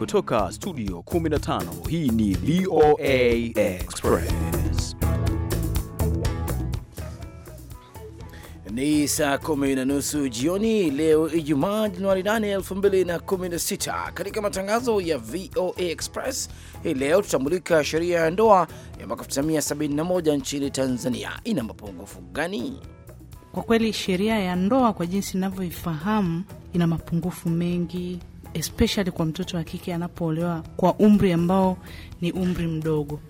kutoka studio 15 hii ni VOA Express ni saa kumi na nusu jioni leo Ijumaa Januari 8, 2016. Katika matangazo ya VOA Express hii leo tutambulika sheria ya ndoa ya mwaka 1971 nchini Tanzania ina mapungufu gani? Kwa kweli sheria ya ndoa kwa jinsi inavyoifahamu ina mapungufu mengi especially kwa mtoto wa kike anapoolewa kwa umri ambao ni umri mdogo.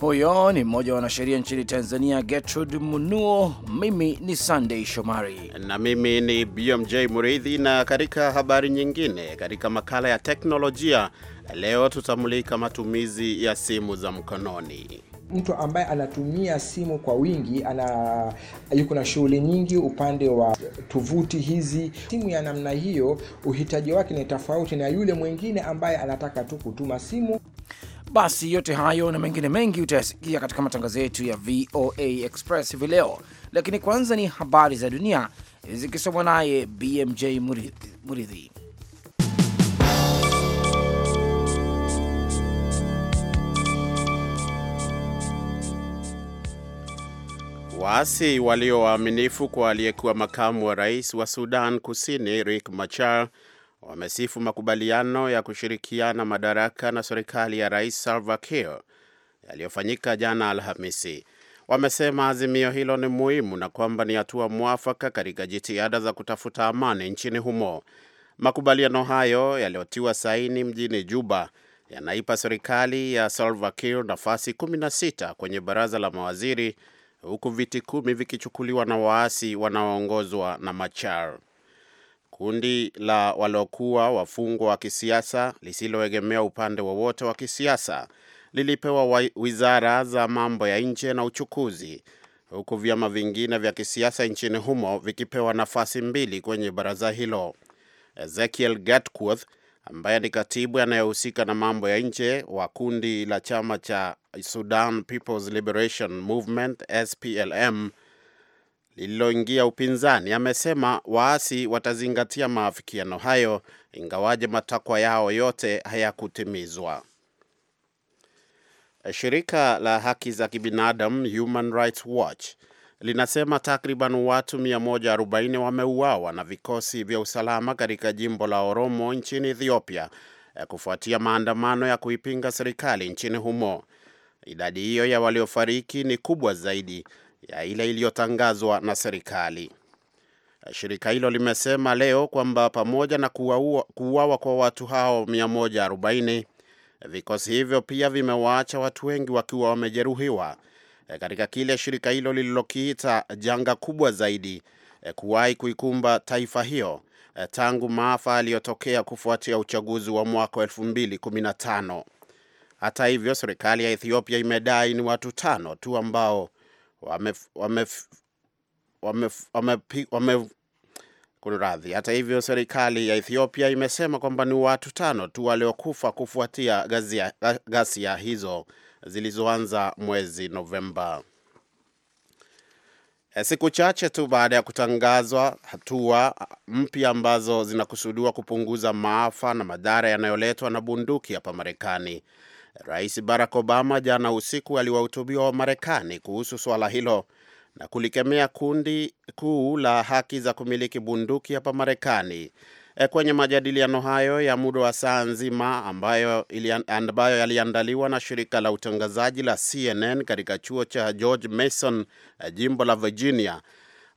Huyo ni mmoja wa wanasheria nchini Tanzania, Gertrude Munuo. Mimi ni Sunday Shomari na mimi ni BMJ Muridhi. Na katika habari nyingine, katika makala ya teknolojia leo tutamulika matumizi ya simu za mkononi mtu ambaye anatumia simu kwa wingi ana yuko na shughuli nyingi upande wa tovuti hizi. Simu ya namna hiyo uhitaji wake ni tofauti na yule mwingine ambaye anataka tu kutuma simu. Basi yote hayo na mengine mengi utayasikia katika matangazo yetu ya VOA Express hivi leo, lakini kwanza ni habari za dunia zikisomwa naye BMJ Muridhi. Waasi walio waaminifu kwa aliyekuwa makamu wa rais wa Sudan Kusini rik Machar wamesifu makubaliano ya kushirikiana madaraka na serikali ya Rais Salva Kiir yaliyofanyika jana Alhamisi. Wamesema azimio hilo ni muhimu na kwamba ni hatua mwafaka katika jitihada za kutafuta amani nchini humo. Makubaliano hayo yaliyotiwa saini mjini Juba yanaipa serikali ya Salva Kiir nafasi 16 kwenye baraza la mawaziri huku viti kumi vikichukuliwa na waasi wanaoongozwa na Machar. Kundi la waliokuwa wafungwa wa kisiasa lisiloegemea upande wowote wa, wa kisiasa lilipewa wizara za mambo ya nje na uchukuzi, huku vyama vingine vya kisiasa nchini humo vikipewa nafasi mbili kwenye baraza hilo. Ezekiel Gatkuoth ambaye ni katibu anayehusika na mambo ya nje wa kundi la chama cha Sudan People's Liberation Movement SPLM lililoingia upinzani, amesema waasi watazingatia maafikiano hayo ingawaje matakwa yao yote hayakutimizwa. Shirika la haki za kibinadamu Human Rights Watch linasema takriban watu 140 wameuawa na vikosi vya usalama katika jimbo la Oromo nchini Ethiopia eh, kufuatia maandamano ya kuipinga serikali nchini humo. Idadi hiyo ya waliofariki ni kubwa zaidi ya ile iliyotangazwa na serikali. Shirika hilo limesema leo kwamba pamoja na kuuawa kwa watu hao 140, vikosi hivyo pia vimewaacha watu wengi wakiwa wamejeruhiwa Eh, katika kile shirika hilo lililokiita janga kubwa zaidi eh, kuwahi kuikumba taifa hiyo eh, tangu maafa yaliyotokea kufuatia uchaguzi wa mwaka 2015. Hata hivyo, serikali ya Ethiopia imedai ni watu tano tu ambao wame, Hata hivyo serikali ya Ethiopia imesema kwamba ni watu tano tu waliokufa kufuatia ghasia hizo zilizoanza mwezi Novemba. Eh, siku chache tu baada ya kutangazwa hatua mpya ambazo zinakusudiwa kupunguza maafa na madhara yanayoletwa na bunduki hapa Marekani, Rais Barack Obama jana usiku aliwahutubia marekani kuhusu swala hilo na kulikemea kundi kuu la haki za kumiliki bunduki hapa Marekani Eh, kwenye majadiliano hayo ya muda wa saa nzima ambayo, ambayo yaliandaliwa na shirika la utangazaji la CNN katika chuo cha George Mason eh, jimbo la Virginia.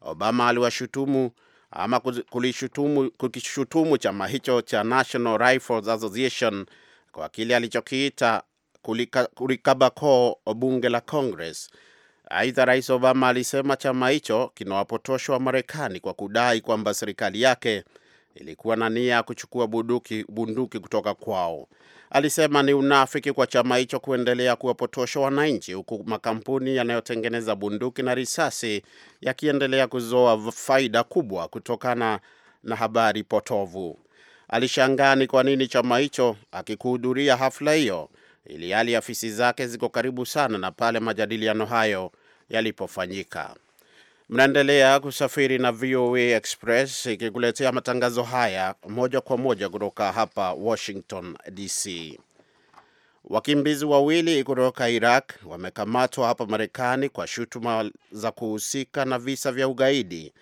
Obama aliwashutumu ama kulishutumu, kukishutumu chama hicho cha National Rifles Association kwa kile alichokiita kulikabako bunge la Congress. Aidha, Rais Obama alisema chama hicho kinawapotosha marekani kwa kudai kwamba serikali yake ilikuwa na nia ya kuchukua bunduki, bunduki kutoka kwao. Alisema ni unafiki kwa chama hicho kuendelea kuwapotosha wananchi, huku makampuni yanayotengeneza bunduki na risasi yakiendelea kuzoa faida kubwa kutokana na habari potovu. Alishangaa ni kwa nini chama hicho akikuhudhuria hafla hiyo, ili hali afisi zake ziko karibu sana na pale majadiliano hayo yalipofanyika. Mnaendelea kusafiri na VOA Express ikikuletea matangazo haya moja kwa moja kutoka hapa Washington DC. Wakimbizi wawili kutoka Iraq wamekamatwa hapa Marekani kwa shutuma za kuhusika na visa vya ugaidi.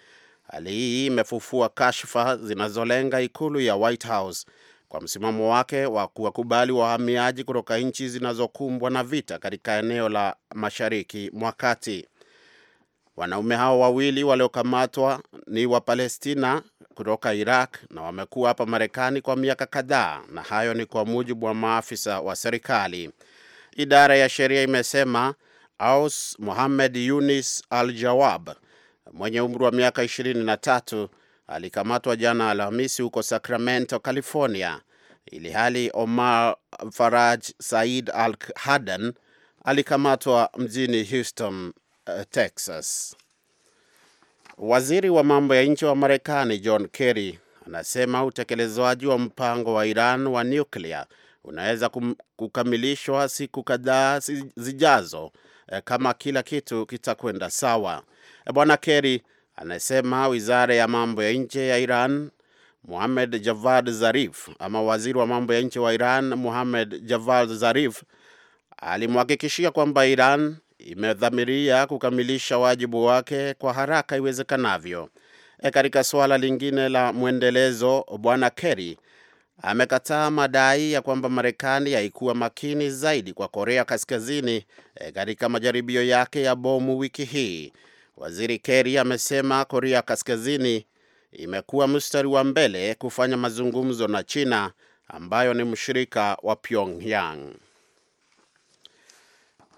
Hali hii imefufua kashfa zinazolenga ikulu ya White House kwa msimamo wake wa kuwakubali wahamiaji kutoka nchi zinazokumbwa na vita katika eneo la mashariki mwa kati. Wanaume hao wawili waliokamatwa ni wa palestina kutoka Iraq na wamekuwa hapa Marekani kwa miaka kadhaa, na hayo ni kwa mujibu wa maafisa wa serikali. Idara ya sheria imesema Aus Mohamed Yunis Al Jawab mwenye umri wa miaka 23 alikamatwa jana Alhamisi huko Sacramento, California, ili hali Omar Faraj Said Al Hadan alikamatwa mjini Houston, Eh, Texas. Waziri wa mambo ya nje wa Marekani John Kerry anasema utekelezwaji wa mpango wa Iran wa nyuklia unaweza kukamilishwa siku kadhaa zijazo eh, kama kila kitu kitakwenda sawa. Eh, Bwana Kerry anasema wizara ya mambo ya nje ya Iran Muhamed Javad Zarif ama waziri wa mambo ya nje wa Iran Muhamed Javad Zarif alimhakikishia kwamba Iran imedhamiria kukamilisha wajibu wake kwa haraka iwezekanavyo. E, katika suala lingine la mwendelezo, Bwana Kerry amekataa madai ya kwamba Marekani haikuwa makini zaidi kwa Korea Kaskazini e, katika majaribio yake ya bomu wiki hii. Waziri Kerry amesema Korea Kaskazini imekuwa mstari wa mbele kufanya mazungumzo na China ambayo ni mshirika wa Pyongyang.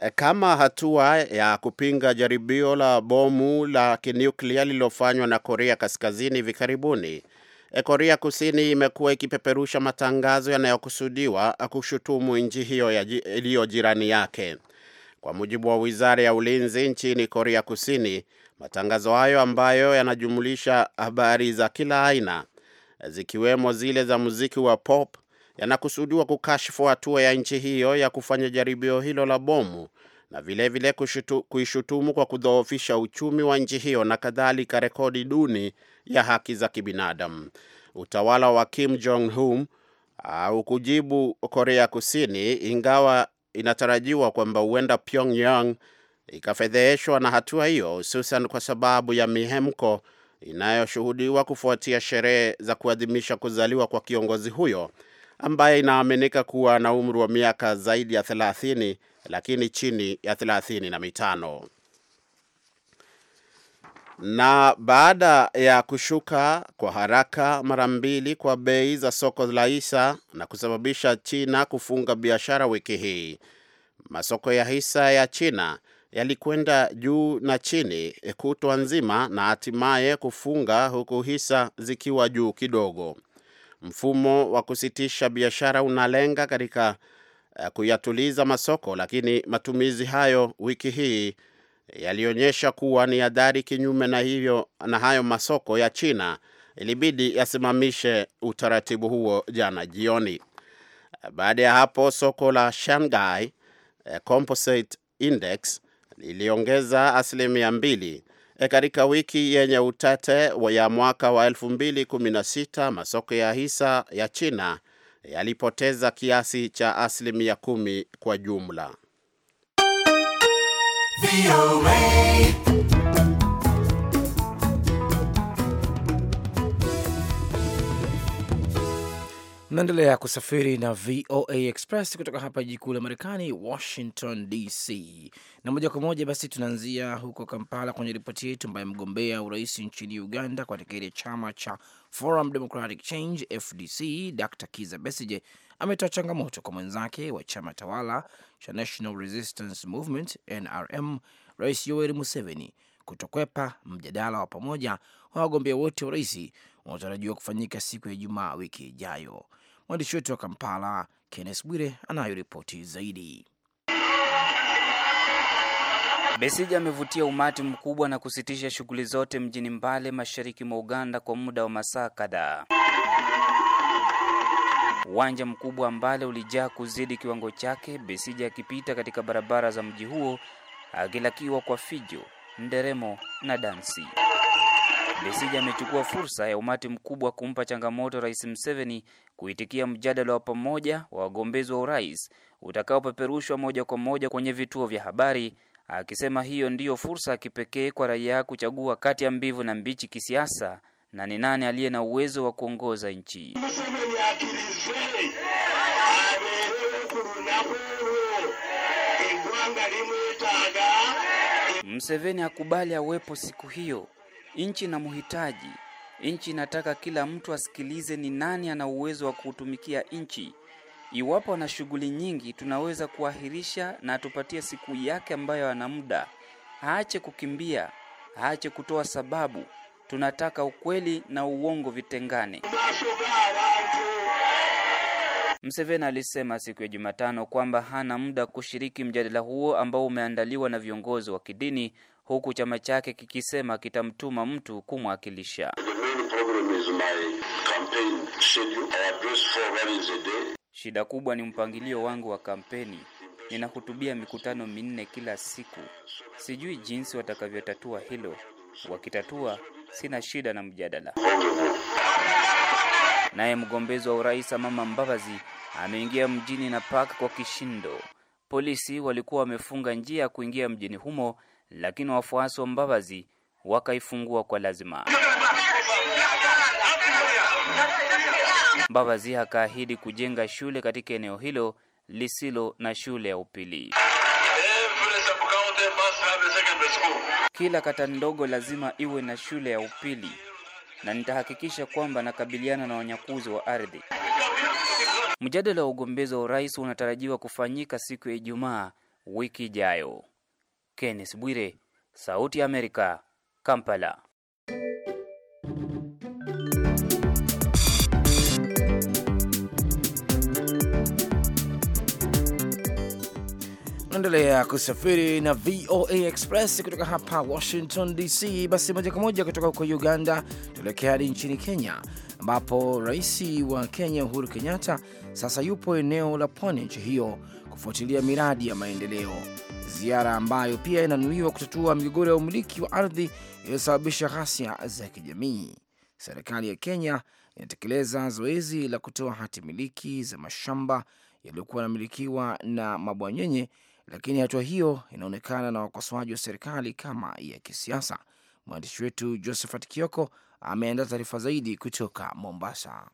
Eh, kama hatua ya kupinga jaribio la bomu la kinuklia lililofanywa na Korea Kaskazini hivi karibuni. Eh, Korea Kusini imekuwa ikipeperusha matangazo yanayokusudiwa kushutumu nchi hiyo iliyo jirani yake. Kwa mujibu wa wizara ya ulinzi nchini Korea Kusini, matangazo hayo ambayo yanajumulisha habari za kila aina eh, zikiwemo zile za muziki wa pop yanakusudiwa kukashifu hatua ya nchi hiyo ya kufanya jaribio hilo la bomu na vilevile kuishutumu kwa kudhoofisha uchumi wa nchi hiyo na kadhalika, rekodi duni ya haki za kibinadamu. Utawala wa Kim Jong Un kujibu Korea Kusini, ingawa inatarajiwa kwamba huenda Pyongyang ikafedheheshwa na hatua hiyo, hususan kwa sababu ya mihemko inayoshuhudiwa kufuatia sherehe za kuadhimisha kuzaliwa kwa kiongozi huyo ambaye inaaminika kuwa na umri wa miaka zaidi ya 30 lakini chini ya 35. Na baada ya kushuka kwa haraka mara mbili kwa bei za soko la hisa na kusababisha China kufunga biashara wiki hii, masoko ya hisa ya China yalikwenda juu na chini kutwa nzima na hatimaye kufunga huku hisa zikiwa juu kidogo. Mfumo wa kusitisha biashara unalenga katika uh, kuyatuliza masoko, lakini matumizi hayo wiki hii yalionyesha kuwa ni adhari kinyume na hivyo, na hayo masoko ya China ilibidi yasimamishe utaratibu huo jana jioni. Baada ya hapo soko la Shanghai eh, Composite Index liliongeza asilimia mbili E, katika wiki yenye utete ya mwaka wa 2016 masoko ya hisa ya China yalipoteza kiasi cha asilimia kumi kwa jumla. Naendelea kusafiri na VOA Express kutoka hapa jiji kuu la Marekani, Washington DC, na moja kwa moja basi tunaanzia huko Kampala kwenye ripoti yetu, ambaye mgombea urais nchini Uganda kwa tiketi ya chama cha Forum Democratic Change FDC, Dr Kiza Besige ametoa changamoto kwa mwenzake wa chama tawala cha National Resistance Movement NRM, Rais Yoweri Museveni kutokwepa mjadala wa pamoja wa wagombea wote wa urais unaotarajiwa kufanyika siku ya Ijumaa wiki ijayo. Mwandishi wetu wa Kampala, Kennes Bwire, anayo ripoti zaidi. besija amevutia umati mkubwa na kusitisha shughuli zote mjini Mbale, mashariki mwa Uganda, kwa muda wa masaa kadhaa. Uwanja mkubwa wa Mbale ulijaa kuzidi kiwango chake, besija akipita katika barabara za mji huo akilakiwa kwa fijo, nderemo na dansi. Besija amechukua fursa ya umati mkubwa kumpa changamoto Rais mseveni kuitikia mjadala wa pamoja wa wagombezi wa urais utakaopeperushwa moja kwa moja kwenye vituo vya habari, akisema hiyo ndiyo fursa ya kipekee kwa raia kuchagua kati ya mbivu na mbichi kisiasa na ni nani aliye na uwezo wa kuongoza nchi. Museveni akubali awepo siku hiyo Nchi inamhitaji, nchi inataka kila mtu asikilize ni nani ana uwezo wa kuutumikia nchi. Iwapo ana shughuli nyingi, tunaweza kuahirisha na atupatie siku yake ambayo ana muda. Aache kukimbia, aache kutoa sababu. Tunataka ukweli na uongo vitengane. Mseveni alisema siku ya Jumatano kwamba hana muda kushiriki mjadala huo ambao umeandaliwa na viongozi wa kidini huku chama chake kikisema kitamtuma mtu kumwakilisha. Shida kubwa ni mpangilio wangu wa kampeni. Ninahutubia mikutano minne kila siku. Sijui jinsi watakavyotatua hilo. Wakitatua, sina shida na mjadala. Naye mgombezi wa urais Amama Mbabazi ameingia mjini na pak kwa kishindo. Polisi walikuwa wamefunga njia ya kuingia mjini humo lakini wafuasi wa Mbabazi wakaifungua kwa lazima. Mbabazi akaahidi kujenga shule katika eneo hilo lisilo na shule ya upili. Kila kata ndogo lazima iwe na shule ya upili, na nitahakikisha kwamba nakabiliana na wanyakuzi wa ardhi. Mjadala wa ugombezi wa urais unatarajiwa kufanyika siku ya Ijumaa wiki ijayo. Kenneth Bwire, Sauti ya Amerika, Kampala. Naendelea kusafiri na VOA Express kutoka hapa Washington DC. Basi moja kwa moja kutoka huko Uganda tuelekea hadi nchini Kenya, ambapo rais wa Kenya Uhuru Kenyatta sasa yupo eneo la pwani nchi hiyo kufuatilia miradi ya maendeleo ziara ambayo pia inanuiwa kutatua migogoro ya umiliki wa ardhi iliyosababisha ghasia za kijamii. Serikali ya Kenya inatekeleza zoezi la kutoa hati miliki za mashamba yaliyokuwa yanamilikiwa na mabwanyenye, lakini hatua hiyo inaonekana na wakosoaji wa serikali kama ya kisiasa. Mwandishi wetu Josephat Kioko ameandaa taarifa zaidi kutoka Mombasa.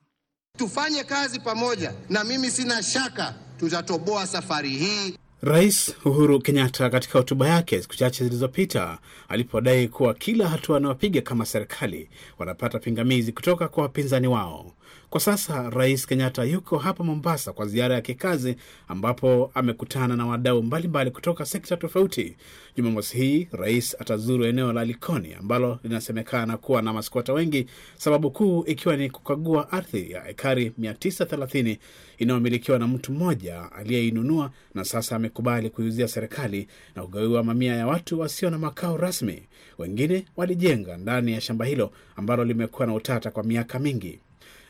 Tufanye kazi pamoja, na mimi sina shaka tutatoboa safari hii. Rais Uhuru Kenyatta katika hotuba yake siku chache zilizopita alipodai kuwa kila hatua wanaopiga kama serikali wanapata pingamizi kutoka kwa wapinzani wao. Kwa sasa Rais Kenyatta yuko hapa Mombasa kwa ziara ya kikazi, ambapo amekutana na wadau mbalimbali kutoka sekta tofauti. Jumamosi hii rais atazuru eneo la Likoni ambalo linasemekana kuwa na maskwota wengi, sababu kuu ikiwa ni kukagua ardhi ya ekari 930 inayomilikiwa na mtu mmoja aliyeinunua na sasa amekubali kuiuzia serikali na kugawiwa mamia ya watu wasio na makao rasmi. Wengine walijenga ndani ya shamba hilo ambalo limekuwa na utata kwa miaka mingi.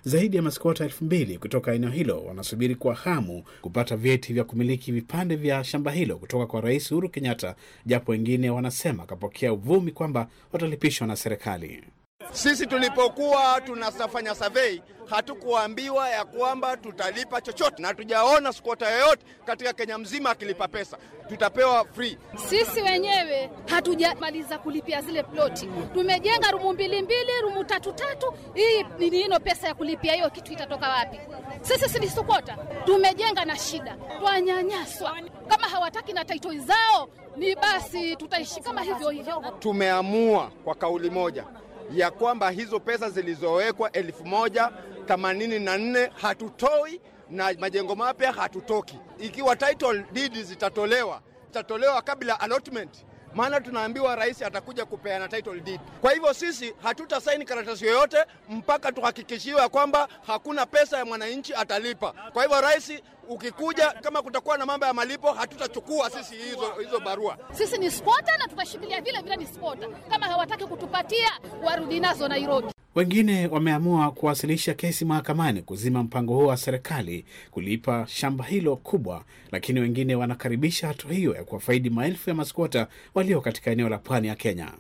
Zaidi ya maskota elfu mbili kutoka eneo hilo wanasubiri kwa hamu kupata vyeti vya kumiliki vipande vya shamba hilo kutoka kwa Rais Uhuru Kenyatta, japo wengine wanasema akapokea uvumi kwamba watalipishwa na serikali. Sisi tulipokuwa tunafanya survey hatukuambiwa ya kwamba tutalipa chochote, na tujaona skota yoyote katika Kenya mzima akilipa pesa, tutapewa free. Sisi wenyewe hatujamaliza kulipia zile ploti, tumejenga rumu mbili mbili, rumu tatu tatu. Hii niino pesa ya kulipia hiyo kitu itatoka wapi? Sisi si sukota tumejenga na shida, twanyanyaswa. Kama hawataki na title zao, ni basi tutaishi kama hivyo hivyo. Tumeamua kwa kauli moja ya kwamba hizo pesa zilizowekwa elfu moja themanini na nne hatutoi na majengo mapya hatutoki. Ikiwa title deed zitatolewa, zitatolewa kabla allotment, maana tunaambiwa rais atakuja kupeana title deed. Kwa hivyo sisi hatuta saini karatasi yoyote mpaka tuhakikishiwe kwamba hakuna pesa ya mwananchi atalipa. Kwa hivyo rais ukikuja kama kutakuwa na mambo ya malipo hatutachukua sisi hizo, hizo barua. Sisi ni spota na tutashikilia vile vile, ni spota. Kama hawataki kutupatia warudi nazo Nairobi. Wengine wameamua kuwasilisha kesi mahakamani kuzima mpango huo wa serikali kulipa shamba hilo kubwa, lakini wengine wanakaribisha hatua hiyo ya kuwafaidi maelfu ya maskwota walio katika eneo la pwani ya Kenya.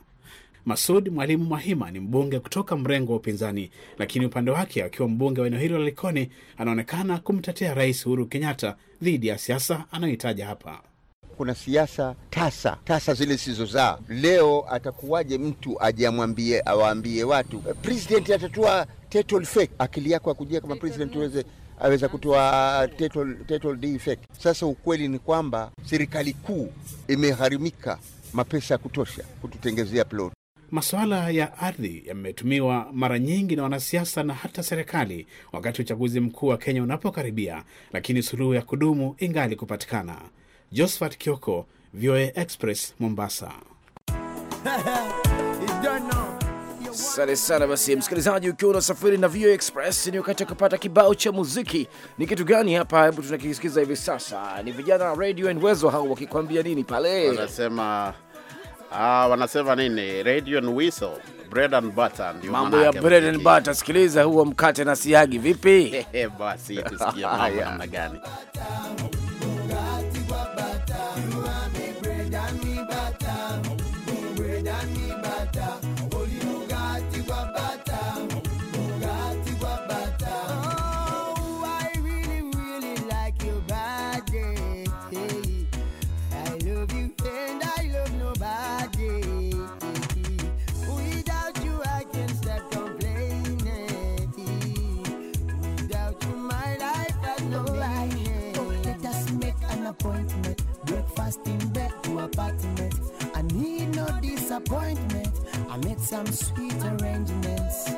Masud Mwalimu Mwahima ni mbunge kutoka mrengo wa upinzani, lakini upande wake akiwa mbunge wa eneo hilo la Likoni anaonekana kumtetea Rais Uhuru Kenyatta dhidi ya siasa anayohitaja hapa. Kuna siasa tasa tasa zile zisizozaa. Leo atakuwaje mtu amwambie awaambie watu president atatoa title fake? Akili yako akujia kama president uweze aweza kutoa Sasa ukweli ni kwamba serikali kuu imegharimika mapesa ya kutosha kututengezea plot Masuala ya ardhi yametumiwa mara nyingi na wanasiasa na hata serikali wakati uchaguzi mkuu wa Kenya unapokaribia, lakini suluhu ya kudumu ingali kupatikana. Josephat Kioko, VOA Express, Mombasa. Asante sana. Basi msikilizaji, ukiwa unasafiri na VOA Express, ni wakati wa kupata kibao cha muziki. Ni kitu gani hapa? Hebu tunakisikiza hivi sasa. Ni vijana Radio N Uwezo hao wakikwambia nini pale, wanasema Ah, wanasema nini? Radio and whistle, bread and butter ndio mambo ya bread and butter. Sikiliza huo mkate na siagi vipi? Basi tusikie mambo namna gani. disappointment. I made some sweet arrangements.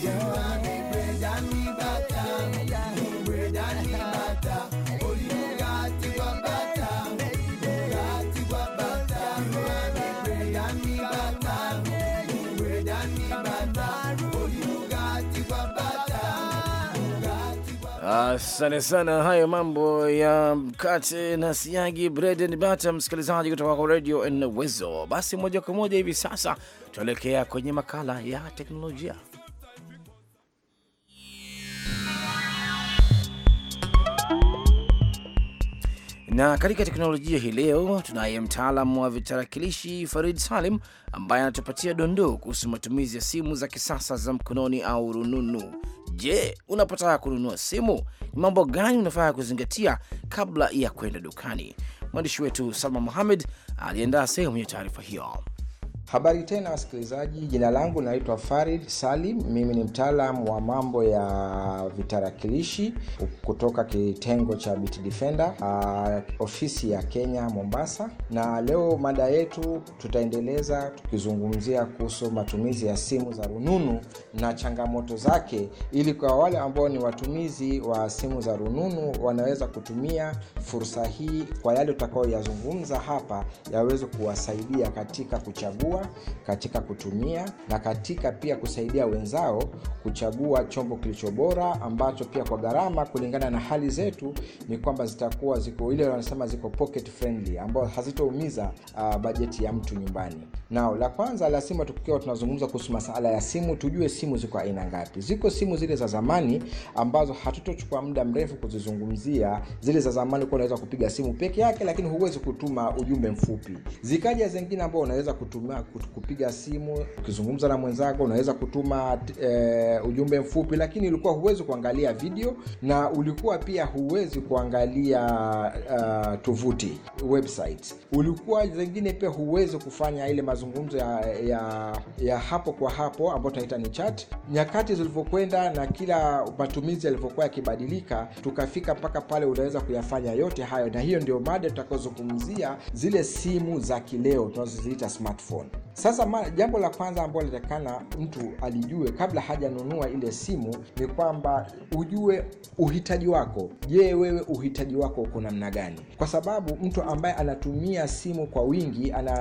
You are me bread and me butter, me bread and me butter. you got to go butter, you got to go You are me bread and me butter. Asante sana. Hayo mambo ya mkate na siagi, bread and butter, msikilizaji kutoka kwa Radio na Uwezo. Basi moja kwa moja hivi sasa tuelekea kwenye makala ya teknolojia. Na katika teknolojia hii leo tunaye mtaalam wa vitarakilishi Farid Salim ambaye anatupatia dondoo kuhusu matumizi ya simu za kisasa za mkononi au rununu. Je, unapotaka kununua simu ni mambo gani unafaa kuzingatia kabla ya kwenda dukani? Mwandishi wetu Salma muhamed aliandaa sehemu ya taarifa hiyo. Habari tena wasikilizaji, jina langu naitwa Farid Salim. Mimi ni mtaalamu wa mambo ya vitarakilishi kutoka kitengo cha Bit Defender, uh, ofisi ya Kenya Mombasa, na leo mada yetu tutaendeleza tukizungumzia kuhusu matumizi ya simu za rununu na changamoto zake, ili kwa wale ambao ni watumizi wa simu za rununu wanaweza kutumia fursa hii kwa yale utakaoyazungumza hapa yaweze kuwasaidia katika kuchagua uelewa katika kutumia na katika pia kusaidia wenzao kuchagua chombo kilicho bora, ambacho pia kwa gharama kulingana na hali zetu ni kwamba zitakuwa ziko ile wanasema ziko pocket friendly, ambao hazitoumiza uh, bajeti ya mtu nyumbani. Nao la kwanza la simu tukiwa tunazungumza kuhusu masala ya simu, tujue simu ziko aina ngapi. Ziko simu zile za zamani ambazo hatutochukua muda mrefu kuzizungumzia. Zile za zamani kuwa unaweza kupiga simu peke yake, lakini huwezi kutuma ujumbe mfupi. Zikaja zingine ambao unaweza kutuma kupiga simu, ukizungumza na mwenzako, unaweza kutuma e, ujumbe mfupi, lakini ulikuwa huwezi kuangalia video na ulikuwa pia huwezi kuangalia uh, tovuti website. Ulikuwa zingine pia huwezi kufanya ile mazungumzo ya, ya, ya hapo kwa hapo ambayo tunaita ni chat. Nyakati zilivyokwenda na kila matumizi yalivyokuwa yakibadilika, tukafika mpaka pale unaweza kuyafanya yote hayo, na hiyo ndio mada tutakaozungumzia, zile simu za kileo tunazoziita smartphone. Sasa jambo la kwanza ambalo litakana mtu alijue kabla hajanunua ile simu ni kwamba ujue uhitaji wako. Je, wewe uhitaji wako uko namna gani? Kwa sababu mtu ambaye anatumia simu kwa wingi ana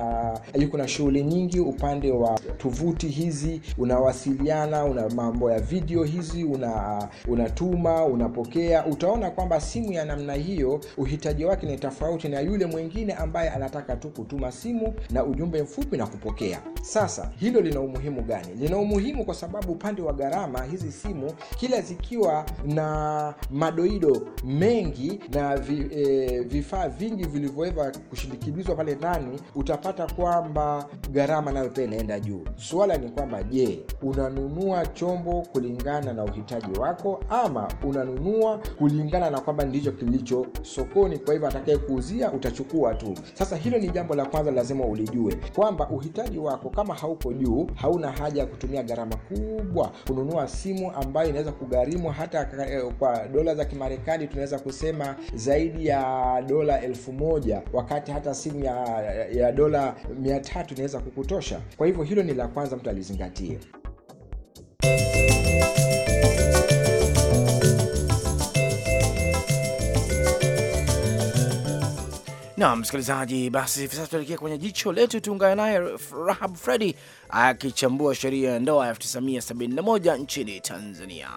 yuko na shughuli nyingi, upande wa tovuti hizi, unawasiliana, una mambo ya video hizi, una unatuma, unapokea, utaona kwamba simu ya namna hiyo uhitaji wake ni tofauti na yule mwingine ambaye anataka tu kutuma simu na ujumbe mfupi na kupo kupokea. Sasa hilo lina umuhimu gani? Lina umuhimu kwa sababu upande wa gharama, hizi simu kila zikiwa na madoido mengi na vi, e, vifaa vingi vilivyoweza kushindikizwa pale ndani, utapata kwamba gharama nayo pia inaenda juu. Suala ni kwamba je, unanunua chombo kulingana na uhitaji wako ama unanunua kulingana na kwamba ndicho kilicho sokoni, kwa hivyo atakaye kuuzia utachukua tu. Sasa hilo ni jambo la kwanza lazima ulijue kwamba uhitaji mtaji wako kama hauko juu, hauna haja ya kutumia gharama kubwa kununua simu ambayo inaweza kugharimu hata eh, kwa dola za Kimarekani tunaweza kusema zaidi ya dola elfu moja wakati hata simu ya, ya dola mia tatu inaweza kukutosha. Kwa hivyo hilo ni la kwanza mtu alizingatie. na msikilizaji, basi hivi sasa tuelekea kwenye jicho letu, tuungane naye Rahab Fredi akichambua sheria ya ndoa ya 1971 nchini Tanzania.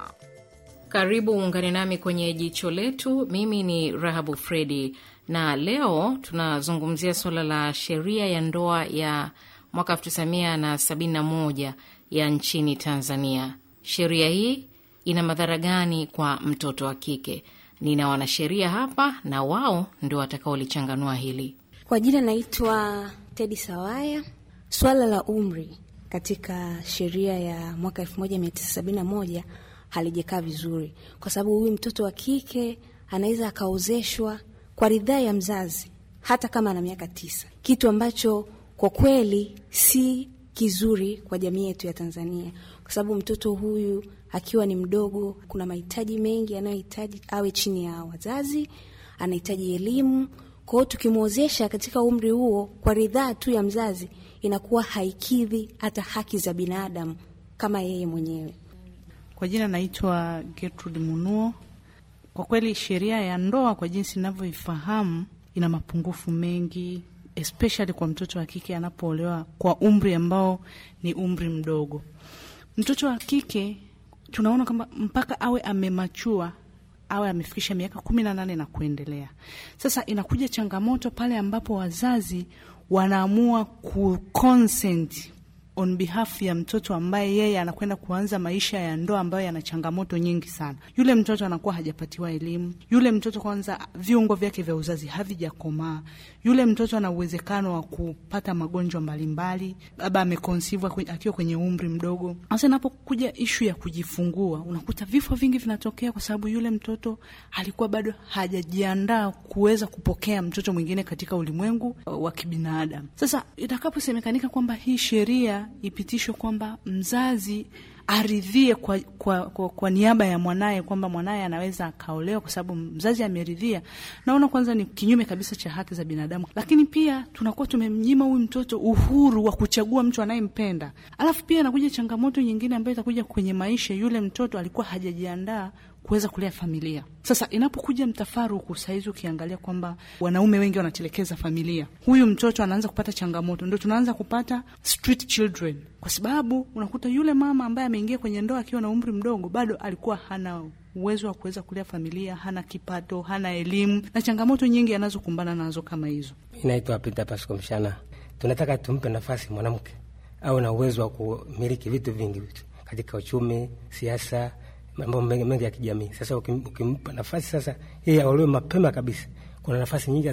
Karibu uungane nami kwenye jicho letu. Mimi ni Rahabu Fredi na leo tunazungumzia suala la sheria ya ndoa ya mwaka 1971 ya nchini Tanzania. Sheria hii ina madhara gani kwa mtoto wa kike? Nina wanasheria hapa na wao ndio watakaolichanganua hili. Kwa jina naitwa Tedi Sawaya. Swala la umri katika sheria ya mwaka 1971 halijakaa vizuri, kwa sababu huyu mtoto wa kike anaweza akaozeshwa kwa ridhaa ya mzazi hata kama ana miaka tisa, kitu ambacho kwa kweli si kizuri kwa jamii yetu ya Tanzania, kwa sababu mtoto huyu akiwa ni mdogo. Kuna mahitaji mengi anayohitaji awe chini ya wazazi, anahitaji elimu. Kwa hiyo tukimwozesha katika umri huo kwa ridhaa tu ya mzazi, inakuwa haikidhi hata haki za binadamu kama yeye mwenyewe. Kwa jina naitwa Gertrude Munuo. Kwa kweli sheria ya ndoa kwa jinsi inavyoifahamu ina mapungufu mengi, especially kwa mtoto wa kike anapoolewa kwa umri ambao ni umri mdogo. Mtoto wa kike tunaona kwamba mpaka awe amemachua awe amefikisha miaka kumi na nane na kuendelea. Sasa inakuja changamoto pale ambapo wazazi wanaamua ku consent on behalf ya mtoto ambaye yeye anakwenda kuanza maisha ya ndoa ambayo yana changamoto nyingi sana. Yule mtoto anakuwa hajapatiwa elimu. Yule mtoto kwanza, viungo vyake vya uzazi havijakomaa. Yule mtoto ana uwezekano wa kupata magonjwa mbalimbali, labda amekonsivu akiwa kwenye umri mdogo. Sasa inapokuja ishu ya kujifungua, unakuta vifo vingi vinatokea kwa sababu yule mtoto alikuwa bado hajajiandaa kuweza kupokea mtoto mwingine katika ulimwengu uh, wa kibinadamu. Sasa itakaposemekanika kwamba hii sheria ipitishwe kwamba mzazi aridhie kwa, kwa, kwa, kwa niaba ya mwanaye kwamba mwanaye anaweza akaolewa kwa sababu mzazi ameridhia, naona kwanza ni kinyume kabisa cha haki za binadamu. Lakini pia tunakuwa tumemnyima huyu mtoto uhuru wa kuchagua mtu anayempenda. Alafu pia anakuja changamoto nyingine ambayo itakuja kwenye maisha, yule mtoto alikuwa hajajiandaa kuweza kulea familia. Sasa inapokuja mtafaruku sahizi, ukiangalia kwamba wanaume wengi wanatelekeza familia, huyu mtoto anaanza kupata changamoto, ndo tunaanza kupata street children, kwa sababu unakuta yule mama ambaye ameingia kwenye ndoa akiwa na umri mdogo, bado alikuwa hana uwezo wa kuweza kulea familia, hana kipato, hana elimu na changamoto nyingi anazokumbana nazo kama hizo. Inaitwa Pita Pasco Mshana. Tunataka tumpe nafasi mwanamke au na uwezo wa kumiliki vitu vingi katika uchumi, siasa mambo mengi ya kijamii. Sasa ukimpa nafasi sasa yeye aolewe mapema kabisa, kuna nafasi nyingi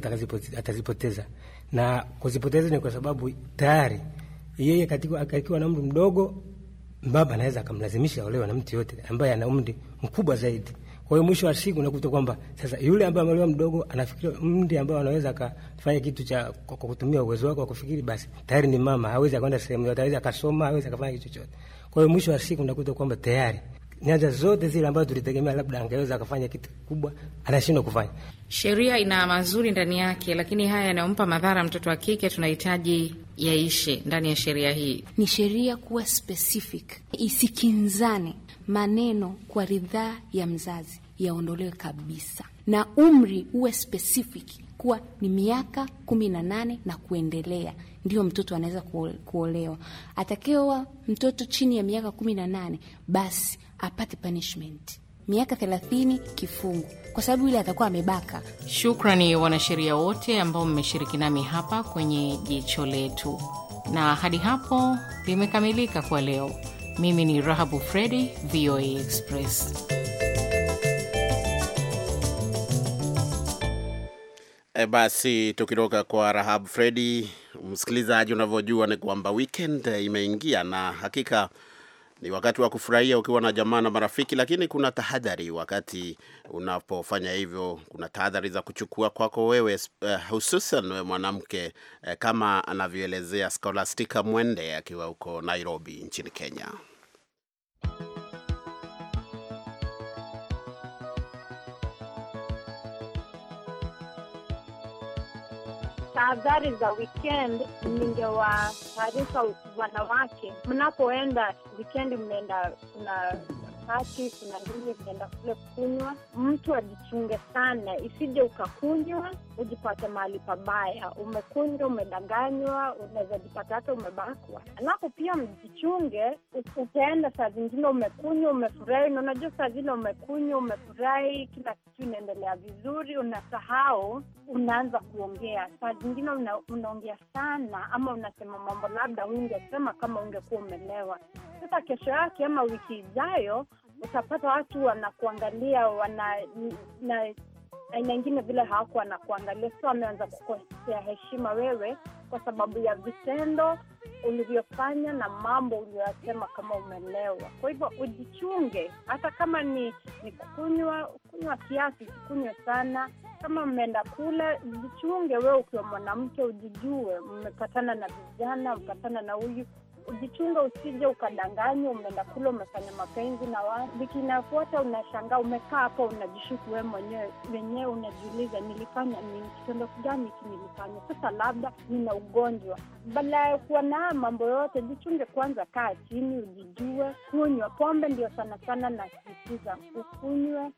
atazipoteza, na kuzipoteza ni kwa sababu tayari yeye akiwa na umri mdogo, baba anaweza akamlazimisha aolewe na mtu yote ambaye ana umri mkubwa zaidi. Kwa hiyo mwisho wa siku nakuta kwamba sasa yule ambaye ameolewa mdogo anafikiria anaweza akafanya kitu cha kwa kutumia uwezo wake wa kufikiri, basi tayari ni mama, hawezi akaenda sehemu yote, hawezi akasoma, hawezi akafanya kitu chochote. Kwa hiyo mwisho wa siku kwamba tayari nyanja zote zile ambazo tulitegemea labda angeweza akafanya kitu kikubwa anashindwa kufanya. Sheria ina mazuri ndani yake, lakini haya yanayompa madhara mtoto wa kike tunahitaji yaishe ndani ya sheria hii. Ni sheria kuwa specific, isikinzane maneno kwa ridhaa ya mzazi, yaondolewe kabisa, na umri uwe specific kuwa ni miaka kumi na nane na kuendelea ndio mtoto anaweza kuolewa. Atakewa mtoto chini ya miaka kumi na nane basi apate punishment miaka thelathini kifungo, kwa sababu ile atakuwa amebaka. Shukrani wanasheria wote ambao mmeshiriki nami hapa kwenye jicho letu, na hadi hapo limekamilika kwa leo. Mimi ni Rahabu Fredi, VOA Express. E, basi tukitoka kwa Rahabu Fredi Msikilizaji, unavyojua ni kwamba weekend imeingia na hakika ni wakati wa kufurahia ukiwa na jamaa na marafiki, lakini kuna tahadhari wakati unapofanya hivyo. Kuna tahadhari za kuchukua kwako wewe, uh, hususan we mwanamke, uh, kama anavyoelezea Scholastica Mwende akiwa huko Nairobi nchini Kenya. tahadhari za weekend, ningewataarifa wanawake, mnapoenda weekend, mnaenda kuna wakati, kuna nini vinaenda kule kunywa. Mtu ajichunge sana, isije ukakunywa ujipate mahali pabaya, umekunywa, umedanganywa, unaweza jipata hata umebakwa. Alafu pia mjichunge, utaenda saa zingine umekunywa, umefurahi, na unajua saa zingine umekunywa, umefurahi, kila kitu inaendelea vizuri, unasahau, unaanza kuongea. Saa zingine una, unaongea sana ama unasema mambo labda ungesema kama ungekuwa umelewa. Sasa kesho yake ama wiki ijayo utapata watu wanakuangalia wana na aina ingine vile hawakuwa wanakuangalia sio wameanza kukosea heshima wewe kwa sababu ya vitendo ulivyofanya na mambo ulioyasema kama umelewa. Kwa hivyo ujichunge, hata kama ni, ni kukunywa, kunywa kiasi, sikunywe sana. Kama mmeenda kule, jichunge wewe ukiwa mwanamke, ujijue. Mmepatana na vijana, mpatana na huyu ujichunga usije ukadanganywa, umeenda kule umefanya mapenzi na wa wiki inayofuata unashangaa, umekaa hapo unajishuku wee mwenyewe wenyewe, unajiuliza nilifanya nini, kitendo kigani hiki nilifanya? Sasa labda nina ugonjwa. Badala ya kuwa na mambo yote, jichunge kwanza, kaa chini, ujijue. Kunywa pombe ndio sana sana nasisitiza, ukunywe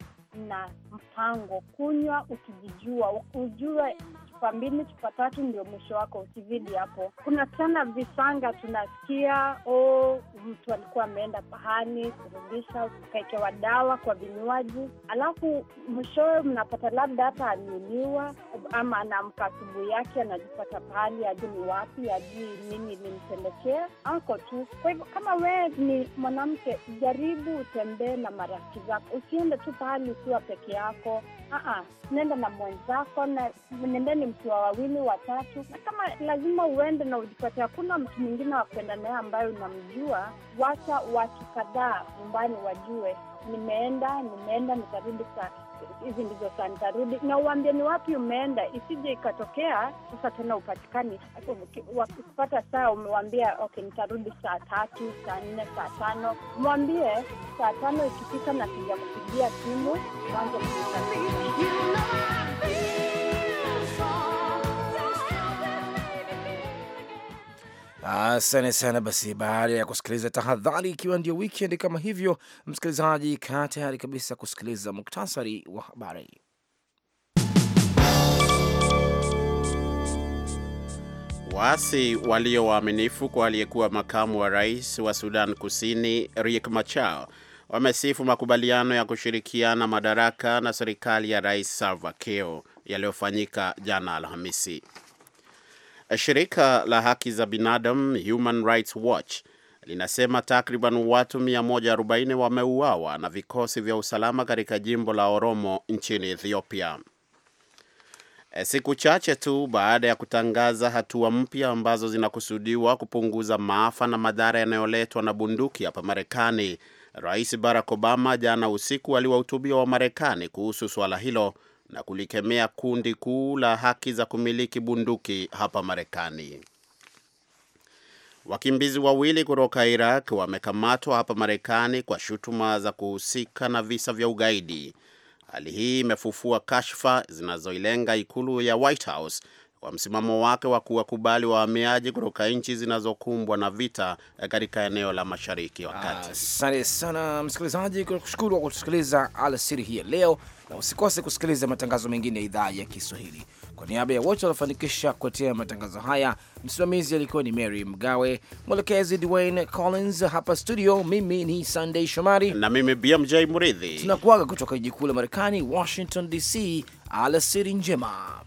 na mpango. Kunywa ukijijua, ujue chupa mbili, chupa tatu ndio mwisho wako, usizidi hapo. Kuna sana visanga tunasikia, oh, mtu alikuwa ameenda pahani kurudisha, ukaekewa dawa kwa vinywaji, alafu mwishowe mnapata labda hata aliuliwa ama anaamka asubuhi yake anajipata pahali, aju ni wapi, ajui nini ilimtendekea, ako tu. Kwa hivyo kama wee ni mwanamke, jaribu utembee na marafiki zako, usiende tu pahali ukiwa peke yako. nenda na mwenzako na nendeni mkiwa wawili watatu, na kama lazima uende na ujipate hakuna mtu mwingine wa kwenda naye ambayo unamjua, wacha watu kadhaa nyumbani wajue, nimeenda nimeenda, nitarudi saa hizi ndizo saa nitarudi, na uambie ni wapi umeenda, isije ikatokea sasa tena upatikani. Ukipata saa umewambia okay, nitarudi saa tatu, saa nne, saa tano, mwambie saa tano ikifika na kija kupigia simu mwanzo Asante sana. Basi baada ya kusikiliza tahadhari, ikiwa ndio weekend kama hivyo, msikilizaji, kaa tayari kabisa kusikiliza muktasari wa habari. Waasi walio waaminifu kwa aliyekuwa makamu wa rais wa Sudan Kusini Riek Machar wamesifu makubaliano ya kushirikiana madaraka na serikali ya Rais Salva Kiir yaliyofanyika jana Alhamisi. Shirika la haki za binadamu Human Rights Watch linasema takriban watu 140 wameuawa na vikosi vya usalama katika jimbo la Oromo nchini Ethiopia. Eh, siku chache tu baada ya kutangaza hatua mpya ambazo zinakusudiwa kupunguza maafa na madhara yanayoletwa na bunduki hapa Marekani, Rais Barack Obama jana usiku aliwahutubia wa Marekani kuhusu suala hilo na kulikemea kundi kuu la haki za kumiliki bunduki hapa Marekani. Wakimbizi wawili kutoka Iraq wamekamatwa hapa Marekani kwa shutuma za kuhusika na visa vya ugaidi. Hali hii imefufua kashfa zinazoilenga ikulu ya White House kwa msimamo wake wa kuwakubali wahamiaji kutoka nchi zinazokumbwa na vita eh, katika eneo la Mashariki wakati. Asante ah, sana msikilizaji, kushukuru kwa kutusikiliza alasiri hii ya leo, na usikose kusikiliza matangazo mengine ya idhaa ya Kiswahili. Kwa niaba ya wote waliofanikisha kuletea matangazo haya, msimamizi alikuwa ni Mary Mgawe, mwelekezi Dwayne Collins, hapa studio mimi ni Sunday Shomari na mimi BMJ Muridhi, tunakuaga kutoka jiji kuu la Marekani, Washington DC. Alasiri njema.